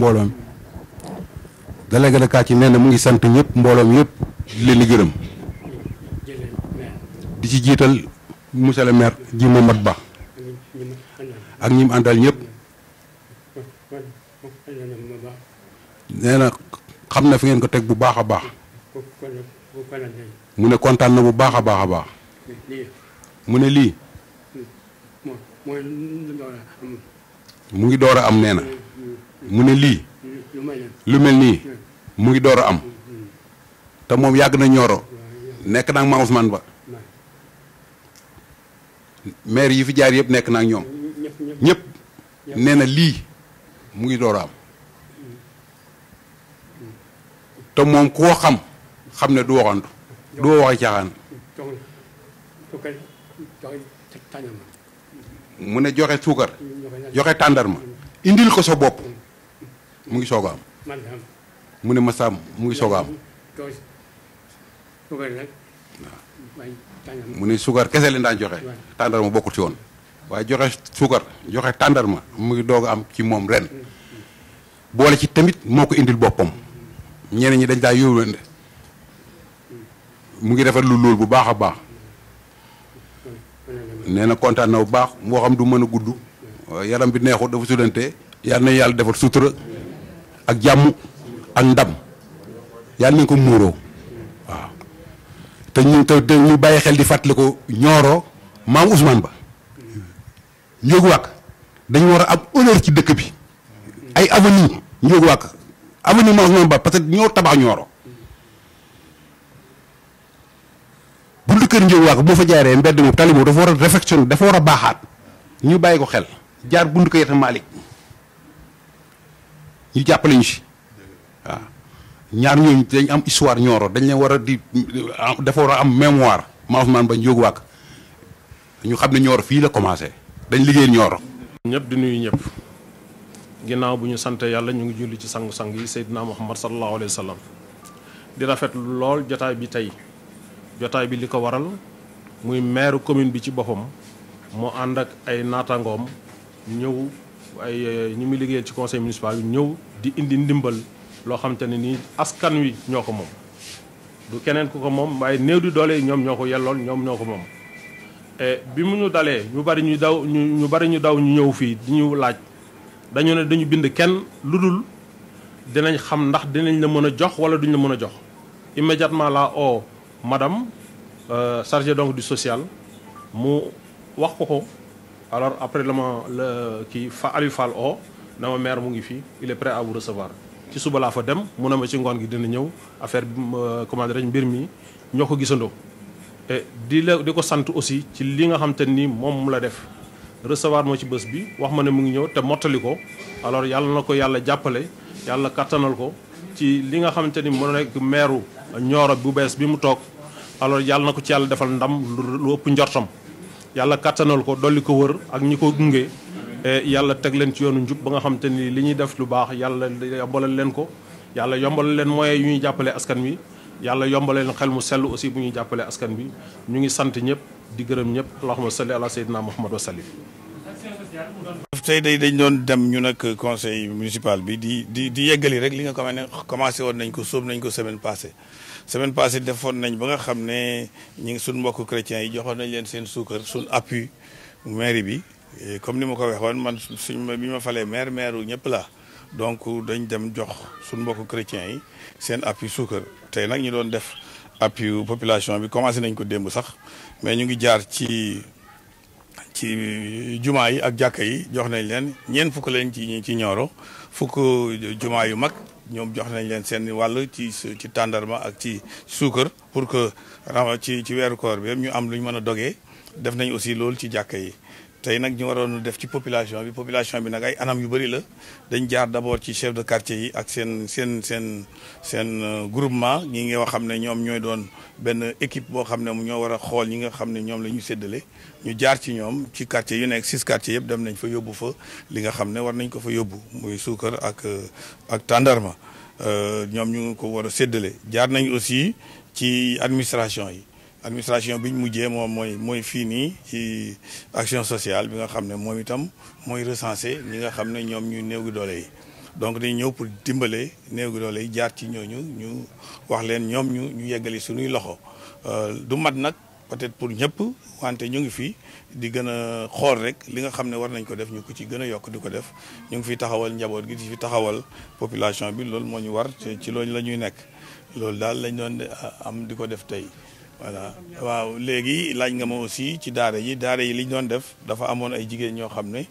mbooloo mi délégué de quartier na mu ngi sant ñëpp mbooloo mi di leen di gërëm di ci jiital monsieur le maire ji Mamat Ba ak ñi mu àndal ñëpp na xam na fi ngeen ko teg bu baax a baax mu ne kontaan na bu baax a baax a baax mu ne lii mu ngi door a am nee na. mu ne lii lu mel nii mu ngi door a am te moom yàgg na ñooro nekk naa ak ma Ousmane Ba maire yi fi jaar yépp nekk naa ñoom ñëpp nee na lii mu ngi door a am te moom ku ko xam xam ne du waxantu du waxi caaxaan mu ne joxe suukar joxe tàndarma indil ko sa bopp mu ngi soog am. mu ne ma saam mu ngi soog a am. mu ne suukar kese leen daan joxe. tàndarma bokkul ci woon. waaye joxe suukar joxe tàndarma mu ngi doog a am ci moom ren. boole ci tamit moo ko indil boppam. ñeneen ñi dañ daa yóbbu mu ngi defar lu lool bu baax a baax. nee na kontaan na bu baax moo xam du mën a gudd. yaram bi neexut dafa sudante yal na yàlla defar sutura. ak jàmm ak ndam yàlla nañ ko muuroo waaw te ñu te ñu bàyyi xel di fàttaliku ñooro maam Ousmane Ba njóogu dañu war a am honneur ci dëkk bi ay avenue njóogu wàkk avenue maam Ousmane Ba parce que ñoo tabax ñooro buntu kër njóogu wàkk boo fa jaaree mbedd moom tali dafa war a réflexion dafa war a baaxaat ñu bàyyi ko xel jaar buntu kër Maalik ñu jàppale ñu si waaw ñaar ñooñu dañ am histoire Nioro dañ leen war a di dafa war a am mémoire Mame Ousmane Ba Ndiogou ñu xam ne Nioro fii la commencé dañ liggéey Nioro. ñëpp di nuyu ñëpp ginnaaw bu ñu sante yàlla ñu ngi julli ci sangu-sang yi Seydina Muhammad sallallahu alayhi wa sallam di rafet lool jotaay bi tey jotaay bi li ko waral muy maire commune bi ci boppam moo ànd ak ay naataangoom ñëw. waaye ñi muy liggéeyal ci conseil municipal bi ñëw di indi ndimbal loo xam te ne nii askan wi ñoo ko moom. du keneen ku ko moom waaye néew di doole ñoom ñoo ko yelloon ñoom ñoo ko moom e, bi mu ñu dalee ñu bari ñu daw ñu ñu ñu daw ñu ñëw fii di ñu laaj dañu ne dañu bind kenn lu dul dinañ xam ndax dinañ la mën a jox wala duñ la mën a jox immédiatement la o madame euh, chargée donc di social mu wax ko ko alors après le qui la fa Aliou Fall o oh, na ma maire mu il est prêt à vous recevoir ci suba la fa dem mu ne ma ci ngoon gi dina ñëw affaire bi euh, comment dirais-je mbir mi ñoo ko gisandoo di la aussi ci li nga xam te ni la def recevoir mon ci bés bi wax ma ne mu te mottali alors yàlla na ko yàlla jàppale yàlla kattanal ko ci li nga xamante ni moo nekk meeru Nioro bu bees bi mu alors yàlla na ko ci yàlla defal ndam lu yàlla kàttanal ko dolli ko wër ak ñi ko gunge eh, yàlla teg leen ci yoonu njub ba nga xam te ni li ñuy def lu baax yàlla yombalal leen ko yàlla yombalal leen moyens yu ñuy jàppale askan wi yàlla yombalal leen xel mu sell aussi bu ñuy jàppale askan bi ñu ngi sant ñëpp di gërëm ñëpp allahumma salli ala sayyidina muhammad wa sallim tey day dañ doon dem ñu nag conseil municipal bi di di di yeggali rek li nga xam ne commencé woon nañ ko sóob nañ ko semaine passé semaine passée defoon nañ ba nga xam ne ñu ngi suñ mbokk chrétiens yi joxoon nañ leen seen suukar suñ appui mairie bi comme ni ma ko waxoon man suñ ma bi ma falee maire maire ñëpp la donc dañ dem jox suñ mbokk chrétiens yi seen appui suukar tey nag ñu doon def appui population bi commencé nañ ko démb sax mais ñu ngi jaar ci ci jumaa yi ak jàkka yi jox nañ leen ñeent fukk leen ci ci ñooro fukk jumaa yu mag ñoom jox nañ leen seen wàll ci ci tàndarma ak ci suukar pour que ci ci weeru koor bi ñu am lu ñu mën a dogee def nañ aussi loolu ci jàkka yi tey nag ñu waroon def ci population bi population bi nag ay anam yu bëri la dañ jaar d'abord ci chef de quartier yi ak seen seen seen seen euh, groupement ñi nga xam ne ñoom ñooy doon benn équipe boo xam ne mu ñoo war a xool ñi nga xam ne ñoom la ñu séddale ñu jaar ci ñoom ci quartier yu nekk six quartiers yëpp dem nañ fa yóbbu fa li nga xam ne war nañ ko fa yóbbu muy suukar ak euh, ak tàndarma euh, ñoom ñu ngi ko war a séddale jaar nañ aussi ci administration yi administration bi ñu mujjee moom mooy mooy fii nii ci action sociale bi nga xam ne moom itam mooy recensé ñi nga xam ne ñoom ñu néew gi doole yi donc dañ ñëw pour dimbale néew gi doole yi jaar ci ñooñu ñu wax leen ñoom ñu ñu yeggali suñuy loxo euh, du mat nag peut-être pour ñëpp wante ñu ngi fi di gën a xool rek li nga xam ne war nañ ko def ñu ko ci gën a yokk di ko def ñu ngi fi taxawal njaboot gi di fi taxawal population bi loolu moo ñu war ci loolu la ñuy nekk loolu daal lañ doon am di ko def tey waaw léegi laaj nga ma aussi ci daara yi daara yi liñ doon def dafa amoon ay jigéen ñoo xam ne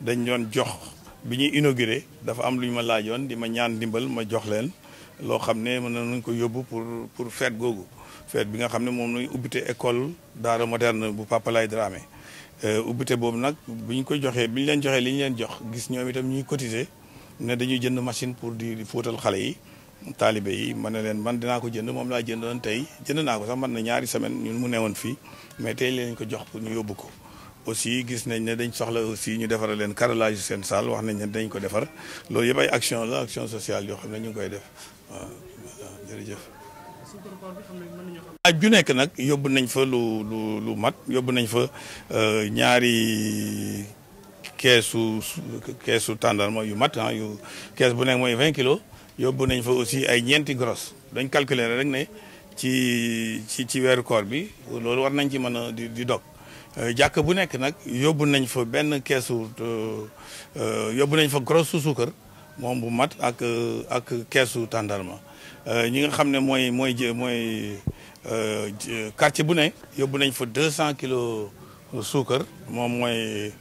dañ doon jox bi ñuy inauguré dafa am lu ñu ma laajoon di ma ñaan ndimbal ma jox leen loo xam ne mën nañ ko yóbbu pour pour fête googu fête bi nga xam ne moom lañ ubbite école daara moderne bu Papa Laye Dramé euh, ubbite boobu nag bu ñu koy joxee bi ñu leen joxee li ñu leen jox gis ñoom itam ñuy cotiser ne dañuy jënd machine pour di fóotal xale yi taalibe yi ma ne leen man dinaa ko jënd moom laa jëndoon tey jënd naa ko sax man na ñaari semaine ñun mu newoon fii mais tey leen ko jox pour ñu yóbbu ko aussi gis nañ ne dañ soxla aussi ñu defaral leen carrelage seen salle wax nañ ne dañ ko defar loolu yëpp ay action la action sociale yoo xam ne ñu koy def waaw voilà nekk nag yóbbu nañ fa lu lu lu mat yóbbu nañ fa euh, ñaari keesu keesu tàndarma yu mat ah yu kees bu nekk mooy vingt kilos yóbbu nañ fa aussi ay ñeenti grosse dañ calculer rek ne ci ci ci weeru koor bi loolu war nañ ci mën a di di dog Euh, jàkk bu nekk nag yóbbu nañ fa benn keesu euh, euh, yóbbu nañ fa gros su suukar moom bu mat ak ak keesu tàndarma ñi nga xam ne mooy mooy mooy quartier bu ne yóbbu nañ fa 200 kilos suukar moom mooy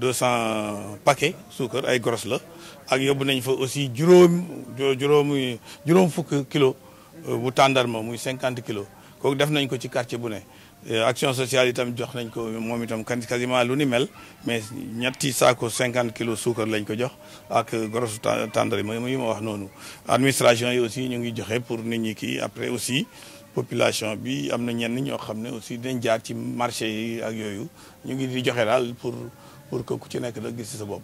200 paquet suukar ay gros la ak yóbbu nañ fa aussi juróom juróomi juróom fukk kilo bu tàndarma muy 50 kilos kooku def nañ ko ci quartier bu ne Euh, action sociale itam jox nañ ko moom itam kan quasiment lu ni mel mais ñetti saako 50 kilos suukar lañ ko jox ak grosse tendre yi ma wax noonu administration yi aussi ñu ngi joxe pour nit ñi kii après aussi population bi am na ñenn ñoo xam ne aussi dañ jaar ci marché yi ak yooyu ñu ngi di joxe daal pour pour que ku ci nekk da gis ci sa bopp